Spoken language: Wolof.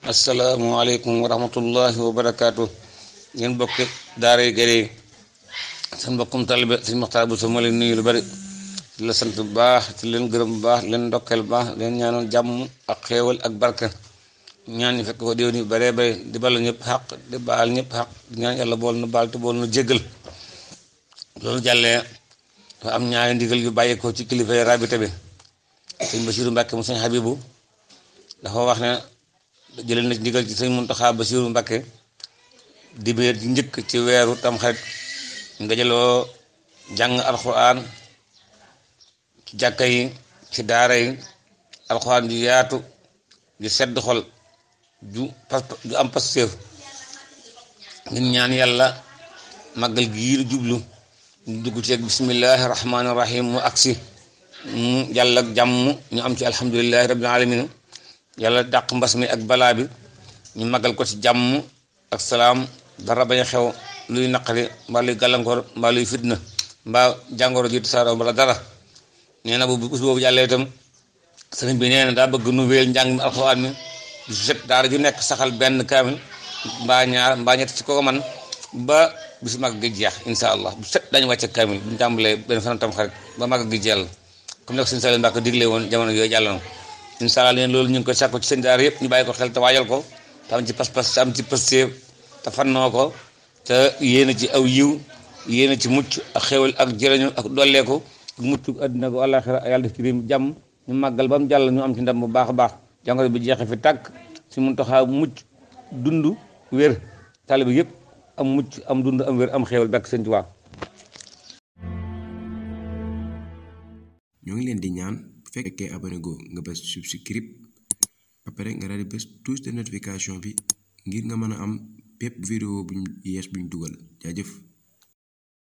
asalaamualeykum wa rahmatullahi wa barakaatu ngeen bokk daaray Gaye seen bokkum talibe sëñ Maxtaar Buso moo leen lu bari di sant bu baax leen gërëm bu baax di leen ndokkeel bu baax leen ñaanal jàmm ak xéewal ak barke ñaan ñu fekk ko déwén yu baree bare di bal ñëpp xaq di baal ñëpp xaq di ñaan yàlla bool nu baal te bool nu jéggal loolu jàllee dafa am ñaari ndigal yu bàyyeekoo ci kilifa rabita bi sëñ Basiru Mbàkke mu sëñ Habibu dafa wax ne jëlee na ndigal ci sëñ Muntaxa Basiiru Mbakke dibéer ji njëkk ci weeru tamxarit ñu dajaloo jàng alxuraan ci jàkka yi ci daara yi alxuraan ju yaatu ju sedd xol ju am pastéef ngir ñaan yàlla màggal gii jublu ñu dugg ci ak bismillahi rahmaani rahim mu agsi mu yàlla ak jàmm ñu am ci alhamdulillahi rabbil alamin yàlla dàq mbas mi ak balaa bi ñu magal ko ci jàmm ak salaam dara bañ xew luy naqari mbaa luy gàllankoor mbaa luy fitna mbaa jàngoro ji tasaaroo mbala dara nee na bu bés boobu itam sëriñ bi nee na daa bëgg nu wéyal njàng mi nekk saxal benn kaamil mbaa ñaar mbaa ñett ci kooku man ba bis mag gi jeex incha allah bu set dañu wàcce kaamil bu ñu tàmbalee benn fan tam xarit ba mag gi jeex la comme nag suñu Saliou Mbacke digle woon jamono yooyu jàll na incha allah loolu ñu ngi koy sàkku ci seen daara yëpp ñu bàyyi ko xel te waajal ko te am ci pas-pas te am ci pëstéef te fannoo ko te yéena ci aw yiw yéena ci mucc ak xéwal ak jërëñu ak dolleeku ak mucc ko àllaaxira yàlla ci réew jàmm ñu màggal ba mu jàll ñu am ci ndam bu baax a baax jàngoro bi jeexee fi tàkk si mun taxaa mucc dund wér taalibe yëpp am mucc am dund am wér am xéwal bekk seen ci waa leen di ñaan bu fekkee abonné goo nga bës subscribe après nga daal di bës touche de notification bi ngir nga mën a am bépp vidéo buñ yees ñu dugal jëf